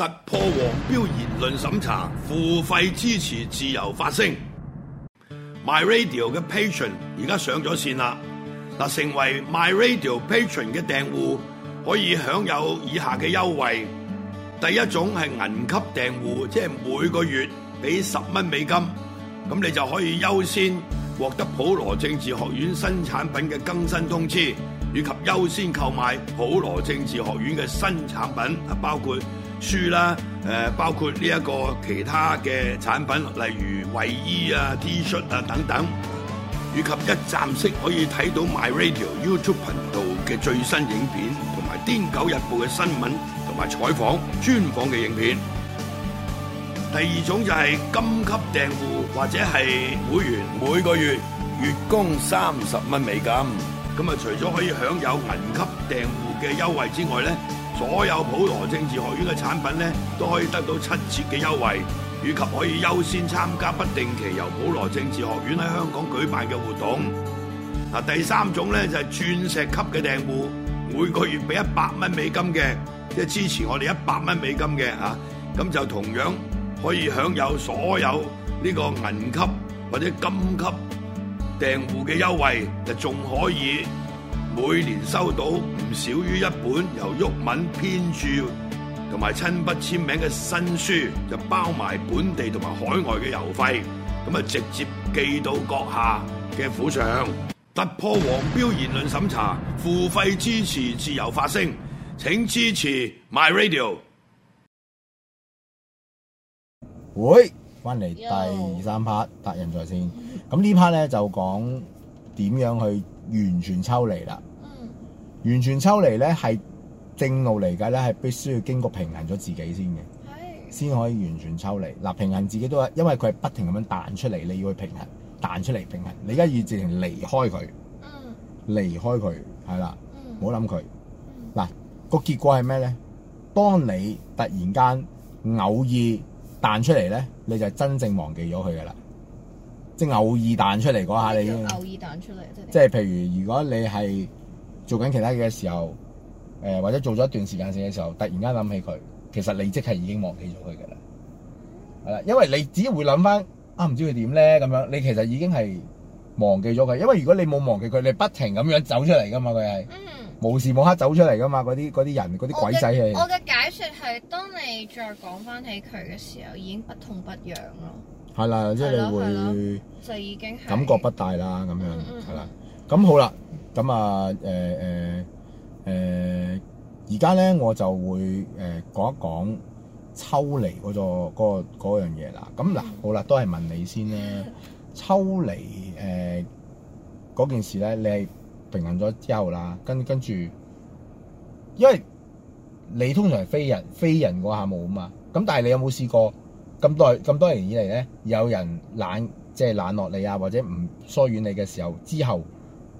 突破黃標言論審查，付費支持自由發聲。MyRadio 嘅 Patreon 而家上咗線啦！嗱，成為 MyRadio Patreon 嘅訂戶可以享有以下嘅優惠。第一種係銀級訂戶，即係每個月俾十蚊美金，咁你就可以優先獲得普羅政治學院新產品嘅更新通知，以及優先購買普羅政治學院嘅新產品，啊，包括，書啦，誒包括呢一個其他嘅產品，例如衞衣啊、T 恤啊等等，以及一站式可以睇到 My Radio YouTube 頻道嘅最新影片，同埋《癲狗日報》嘅新聞同埋採訪專訪嘅影片。第二種就係金級訂戶或者係會員，每個月月供三十蚊美金。咁啊，除咗可以享有銀級訂戶嘅優惠之外咧，所有普羅政治學院嘅產品咧，都可以得到七折嘅優惠，以及可以優先參加不定期由普羅政治學院喺香港舉辦嘅活動。嗱、啊，第三種咧就係鑽石級嘅訂戶，每個月俾一百蚊美金嘅，即係支持我哋一百蚊美金嘅啊，咁就同樣可以享有所有呢個銀級或者金級訂戶嘅優惠，就仲可以。每年收到唔少於一本由毓民編著同埋親筆簽名嘅新書，就包埋本地同埋海外嘅郵費，咁啊直接寄到閣下嘅府上。突破黃標言論審查，付費支持自由發聲，請支持 My Radio。喂，翻嚟第二三 part 達人在線，咁呢 part 咧就講點樣去完全抽離啦，嗯、完全抽離咧係正路嚟嘅咧，係必須要經過平衡咗自己先嘅，先的可以完全抽離。嗱，平衡自己都係，因為佢係不停咁樣彈出嚟，你要去平衡彈出嚟平衡。你而家要直情離開佢，嗯、離開佢係啦，唔好諗佢。嗱個結果係咩咧？當你突然間偶爾彈出嚟咧，你就真正忘記咗佢㗎啦。即偶爾彈出嚟嗰下，你已經偶爾彈出嚟。即係譬如如果你係做緊其他嘢嘅時候，誒、呃、或者做咗一段時間嘢嘅時候，突然間諗起佢，其實你即係已經忘記咗佢嘅啦，係啦、嗯，因為你只會諗翻啊，唔知佢點咧咁樣，你其實已經係忘記咗佢，因為如果你冇忘記佢，你不停咁樣走出嚟噶嘛佢係，嗯、無時無刻走出嚟噶嘛嗰啲啲人嗰啲鬼仔係。我嘅解説係當你再講翻起佢嘅時候，已經不痛不癢咯。係啦，即係的你會感覺不大啦，咁樣係啦，咁、嗯嗯、好啦，咁啊，誒誒誒，而家咧我就會誒講、呃、一講抽離嗰個嗰、嗰個樣嘢啦。咁嗱、嗯，好啦，都係問你先啦，抽離誒嗰件事咧，你係平衡咗之後啦，跟跟住，因為你通常係飛人，飛人嗰下冇嘛，咁但係你有冇試過？咁多咁多年以嚟咧，有人冷即係冷落你啊，或者唔疏遠你嘅時候之後，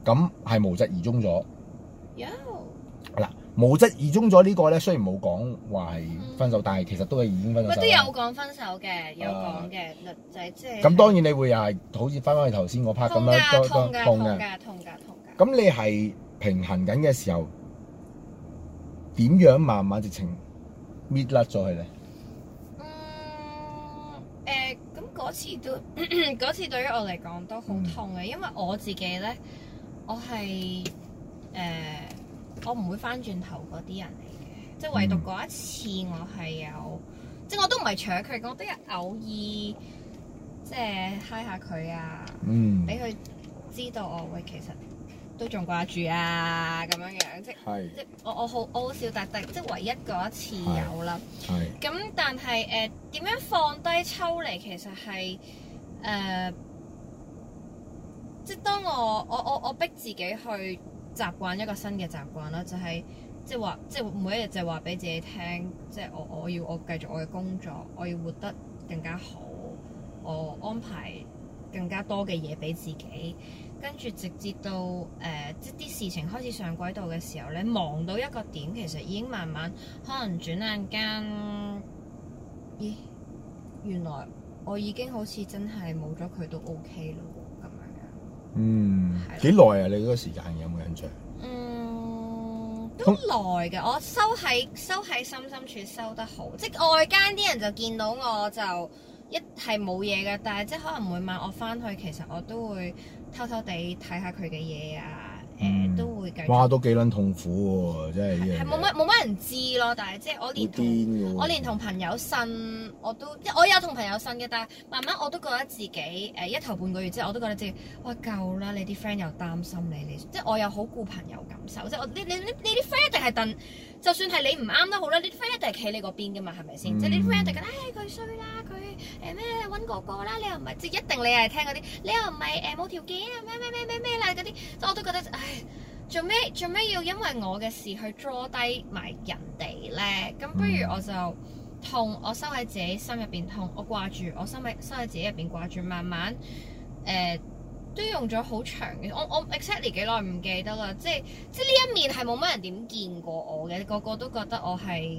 咁係無疾而終咗。有嗱，無疾而終咗呢個咧，雖然冇講話係分手，但係其實都係已經分手。都有講分手嘅，有講嘅律仔即係。咁當然你會又係好似翻翻去頭先嗰 part 咁樣，痛嘅痛嘅痛嘅痛嘅。咁你係平衡緊嘅時候，點樣慢慢直情搣甩咗佢咧？嗰次都，咳咳次對於我嚟講都好痛嘅，嗯、因為我自己咧，我係誒、呃，我唔會翻轉頭嗰啲人嚟嘅，即、就、係、是、唯獨嗰一次我係有，嗯、即係我都唔係搶佢，我都係偶爾即係嗨下佢啊，嗯，俾佢知道我會其實。都仲掛住啊，咁樣樣是即是即我我好我笑少，但但即唯一嗰一次有啦。咁是但係誒點樣放低抽離，其實係誒、呃、即當我我我我逼自己去習慣一個新嘅習慣啦，就係、是、即話即每一日就係話俾自己聽，即我我要我繼續我嘅工作，我要活得更加好，我安排更加多嘅嘢俾自己。跟住直接到誒、呃，即啲事情開始上軌道嘅時候你忙到一個點，其實已經慢慢可能轉眼間，咦、欸，原來我已經好似真係冇咗佢都 OK 咯咁樣。嗯，幾耐啦啊？你嗰個時間有冇印象？嗯，都好耐嘅。我收喺收喺深深處收得好，即外間啲人就見到我就一係冇嘢嘅，但係即可能每晚我翻去，其實我都會。偷偷哋睇下佢嘅嘢啊！哇，都幾撚痛苦喎！真係，係冇乜冇乜人知咯。但係即係我連同我連同朋友呻，我都，即我有同朋友呻嘅。但係慢慢我都覺得自己誒、呃，一頭半個月之後我都覺得自己哇夠啦！你啲 friend 又擔心你，你即係我又好顧朋友感受。即係我你啲呢啲 friend 一定係等，就算係你唔啱都好啦。你啲 friend 一定係企你嗰邊嘅嘛，係咪先？嗯、即係你 friend 一定覺得誒佢衰啦，佢誒咩揾哥哥啦？你又唔係即一定你係聽嗰啲，你又唔係誒冇條件啊咩咩咩咩咩啦嗰啲。即我都覺得唉。唉唉。做咩做咩要因為我嘅事去捉低埋人哋咧？咁不如我就痛，我收喺自己心入邊痛，我掛住，我收喺收喺自己入邊掛住，慢慢誒、呃、都用咗好長嘅，我我 exactly 幾耐唔記得啦。即係即係呢一面係冇乜人點見過我嘅，個個都覺得我係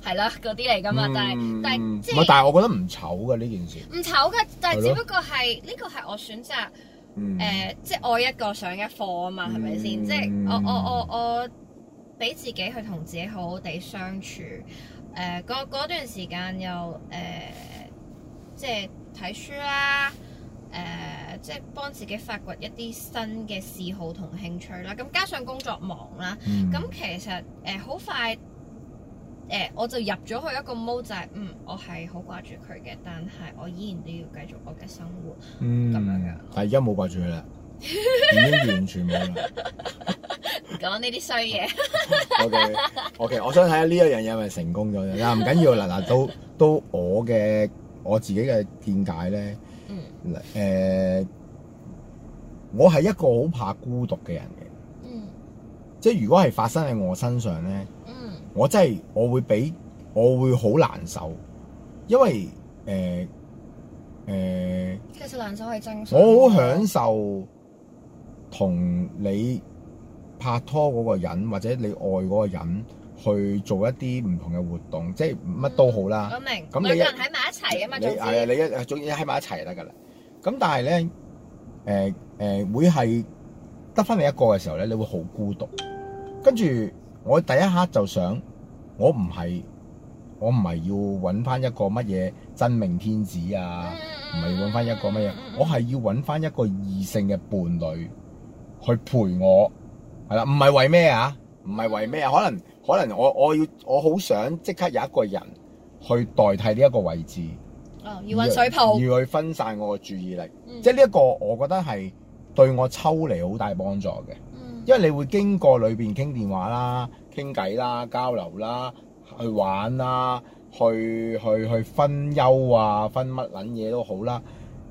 係啦嗰啲嚟噶嘛，但係但係唔係，但係我覺得唔醜噶呢件事，唔醜噶，但係只不過係呢個係我選擇。誒、嗯呃，即係愛一個上一課啊嘛，係咪先？吧即係我我我我俾自己去同自己好好地相處。誒、呃，嗰段時間又誒、呃，即係睇書啦、啊。誒、呃，即係幫自己發掘一啲新嘅嗜好同興趣啦、啊。咁加上工作忙啦、啊，咁、嗯、其實誒好、呃、快。誒，我就入咗去一個 mode 就係嗯，我係好掛住佢嘅，但係我依然都要繼續我嘅生活嗯，咁樣嘅。但係而家冇掛住佢啦，已經完全冇、 okay, okay, 啦。講呢啲衰嘢。O K，O K，我想睇下呢一樣嘢係咪成功咗啫？嗱唔緊要啦，嗱，都都我嘅我自己嘅見解咧。嗯。嗱、誒，我係一個好怕孤獨嘅人嘅。嗯。即係如果係發生喺我身上咧。我真係，我會俾，我會好難受，因為誒誒，呃呃、其實難受係正常。我好享受同你拍拖嗰個人，或者你愛嗰個人去做一啲唔同嘅活動，即係乜都好啦。嗯、我明，咁你兩個人喺埋一齊啊嘛，係啊你之，你一，總之喺埋一齊得噶啦。咁但係咧，誒、呃、誒，會係得返你一個嘅時候咧，你會好孤獨，跟住。我第一刻就想，我唔係，我唔係要揾翻一個乜嘢真命天子啊，唔係要揾翻一個乜嘢，我係要揾翻一個異性嘅伴侶去陪我，係啦，唔係為咩啊？唔係為咩啊？可能可能我我要我好想即刻有一個人去代替呢一個位置，哦、要揾水泡，要去分散我嘅注意力，嗯、即係呢一個，我覺得係對我抽離好大幫助嘅。因為你會經過裏邊傾電話啦、傾偈啦、交流啦、去玩啦、去去去分憂啊、分乜撚嘢都好啦，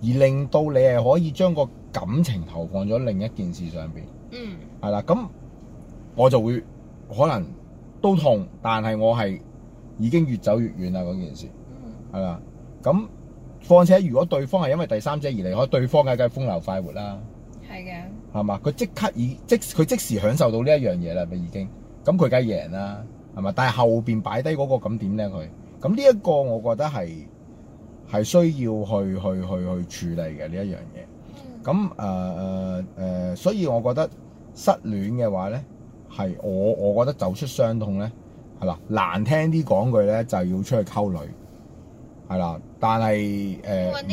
而令到你係可以將個感情投放咗另一件事上邊。嗯，係啦，咁我就會可能都痛，但係我係已經越走越遠啦嗰件事。係啦、嗯，咁況且如果對方係因為第三者而離開，對方梗係風流快活啦。係嘅。係嘛？佢即刻已即佢即時享受到呢一樣嘢啦，咪已經咁佢梗係贏啦，係嘛？但係後邊擺低嗰個咁點咧佢？咁呢一個我覺得係係需要去去去去處理嘅呢一樣嘢。咁誒誒誒，所以我覺得失戀嘅話咧，係我我覺得走出傷痛咧，係啦，難聽啲講句咧，就要出去溝女。係啦，但係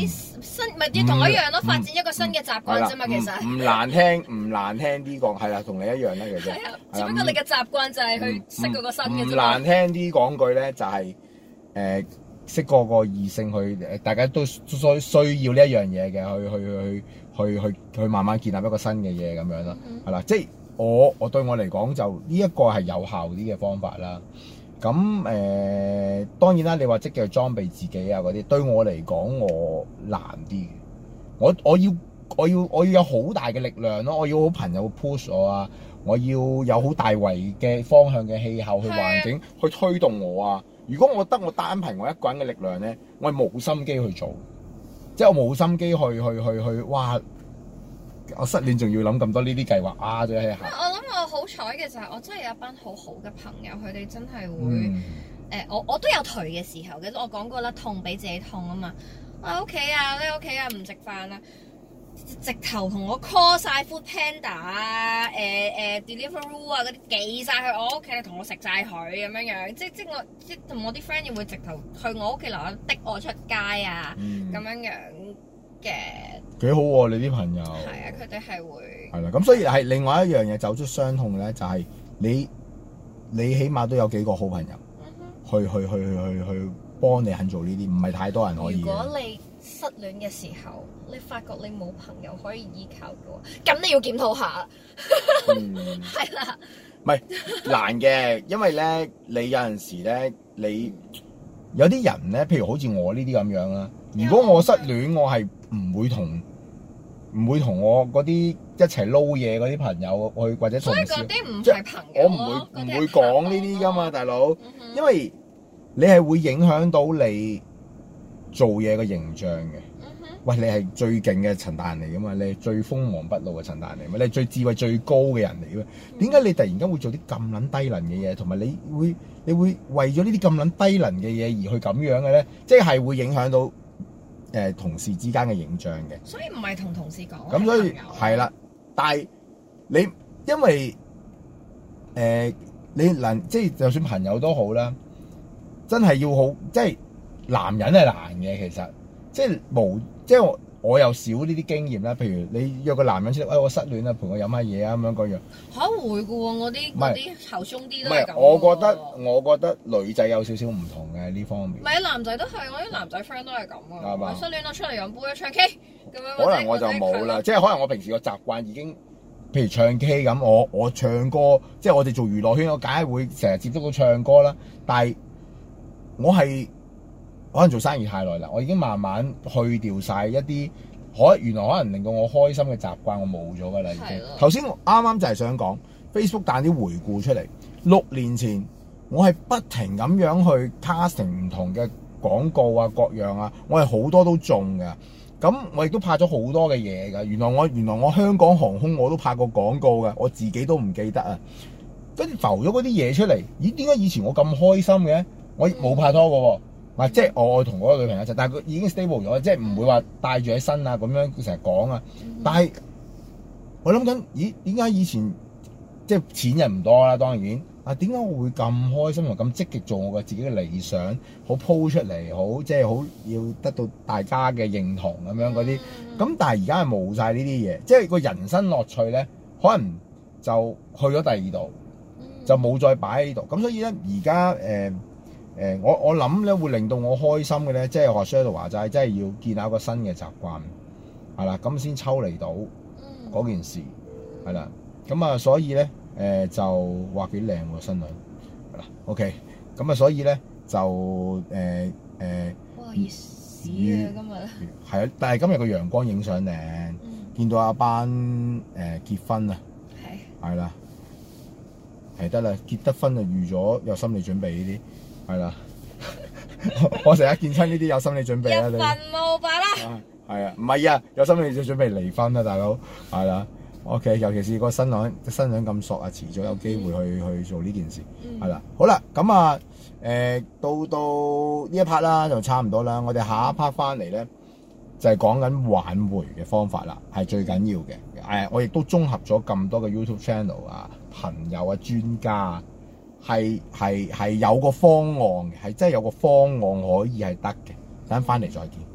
誒，新咪要同我一樣咯，發展一個新嘅習慣啫嘛，其實唔難聽，唔難聽啲講，係啦，同你一樣啦。其實只不過你嘅習慣就係去識嗰個新嘅啫。難聽啲講句咧，就係誒，識個個異性去，大家都需需要呢一樣嘢嘅，去去去去去去慢慢建立一個新嘅嘢咁樣咯，係啦，即係我我對我嚟講就呢一個係有效啲嘅方法啦。咁誒、呃，當然啦！你話積極去裝備自己啊，嗰啲對我嚟講，我難啲。我我要我要我要有好大嘅力量咯、啊，我要好朋友 push 我啊，我要有好大圍嘅方向嘅氣候去環境是去推動我啊。如果我得我單憑我一個人嘅力量咧，我係冇心機去做，即係我冇心機去去去去，去哇！我失戀仲要諗咁多呢啲計劃啊，真係好彩嘅就係我真係有一班好好嘅朋友，佢哋真係會誒、mm. 呃，我我都有頹嘅時候嘅，我講過啦，痛俾自己痛啊嘛，我喺屋企啊，喺屋企啊，唔食飯啊，直頭同我 call 晒 food panda、呃呃、oo, 啊，誒誒 deliveroo 啊，嗰啲寄晒去我屋企，同我食晒佢咁樣樣，即即我即同我啲 friend 會直頭去我屋企樓下逼我出街啊，咁樣樣嘅。幾好喎！你啲朋友係啊，佢哋係會係啦，咁所以係另外一樣嘢走出傷痛咧，就係你你起碼都有幾個好朋友去、嗯、哼去去去去去幫你肯做呢啲，唔係太多人可以。如果你失戀嘅時候，你發覺你冇朋友可以依靠嘅話，咁你要檢討下，係啦，唔係難嘅，因為咧你有陣時咧，你有啲人咧，譬如好似我呢啲咁樣啦，如果我失戀，嗯、我係。唔會同唔會同我嗰啲一齊撈嘢嗰啲朋友去，或者同事，嗰啲唔係朋友，我唔會唔會講呢啲噶嘛，大佬。嗯、哼因為你係會影響到你做嘢個形象嘅。嗯、哼喂，你係最勁嘅陳達仁嚟噶嘛？你係最鋒芒不露嘅陳達仁嚟，嘛，你係最智慧最高嘅人嚟嘅。點解、嗯、你突然間會做啲咁撚低能嘅嘢？同埋你會你會，你會為咗呢啲咁撚低能嘅嘢而去咁樣嘅咧？即係會影響到。誒同事之間嘅形象嘅，所以唔係同同事講，咁所以係啦。但係你因為誒、呃、你難，即係就算朋友都好啦，真係要好，即係男人係難嘅，其實即係無，即係我。我又少呢啲經驗啦，譬如你約個男人出嚟，哎我失戀啦，陪我飲下嘢啊咁樣嗰樣。嚇會嘅喎，我啲我啲後生啲都係咁。唔係，我覺得我覺得女仔有少少唔同嘅呢方面。唔係啊，男仔都係，我啲男仔 friend 都係咁啊。係嘛？我失戀啦，出嚟飲杯唱 K 咁樣。可能我就冇啦，即係可能我平時個習慣已經，譬如唱 K 咁，我我唱歌，即係我哋做娛樂圈，我梗係會成日接觸到唱歌啦。但係我係。可能做生意太耐啦，我已經慢慢去掉晒一啲可原來可能令到我開心嘅習慣，我冇咗㗎啦。已經頭先啱啱就係想講 Facebook 彈啲回顧出嚟，六年前我係不停咁樣去 casting 唔同嘅廣告啊，各樣啊，我係好多都中㗎。咁我亦都拍咗好多嘅嘢㗎。原來我原來我香港航空我都拍過廣告㗎，我自己都唔記得啊。跟住浮咗嗰啲嘢出嚟，咦？點解以前我咁開心嘅？我冇拍拖過喎。嗯即係我同我個女朋友一齊，但係佢已經 stable 咗，即係唔會話帶住喺身啊咁樣，佢成日講啊。但係我諗緊，咦？點解以前即係錢人唔多啦？當然啊，點解我會咁開心又咁積極做我嘅自己嘅理想，好鋪出嚟，好即係好要得到大家嘅認同咁樣嗰啲。咁但係而家係冇晒呢啲嘢，即係個人生樂趣咧，可能就去咗第二度，就冇再擺喺呢度。咁所以咧，而家誒。誒、呃、我我諗咧會令到我開心嘅咧，即係學書喺度話齋，真 係樂要建立一個新嘅習慣，係啦，咁先抽離到嗰、嗯、件事，係啦，咁啊，所以咧誒、呃、就話幾靚喎新娘。係啦，OK，咁啊，okay, 所以咧就誒誒，哇熱死啊今日，係、呃、啊，呃呃呃、但係今日個陽光影相靚，嗯、見到阿班誒、呃、結婚啊，係的，係啦，係得啦，結得婚就預咗有心理準備呢啲。係啦， 我成日見親呢啲有心理準備啦，你、 哎。一份冇法啦。係啊，唔係啊，有心理準準備離婚啊，大佬。係啦，OK，尤其是個新郎，新娘咁索啊，遲早有機會去去做呢件事。係啦、嗯，好啦，咁、嗯、啊，誒、嗯嗯，到到呢一 part 啦，就差唔多啦。我哋下一 part 翻嚟咧，就係講緊挽回嘅方法啦，係最緊要嘅。誒，我亦都綜合咗咁多嘅 YouTube channel 啊，朋友啊，專家啊。係係係有個方案嘅，係真係有個方案可以係得嘅。等翻嚟再見。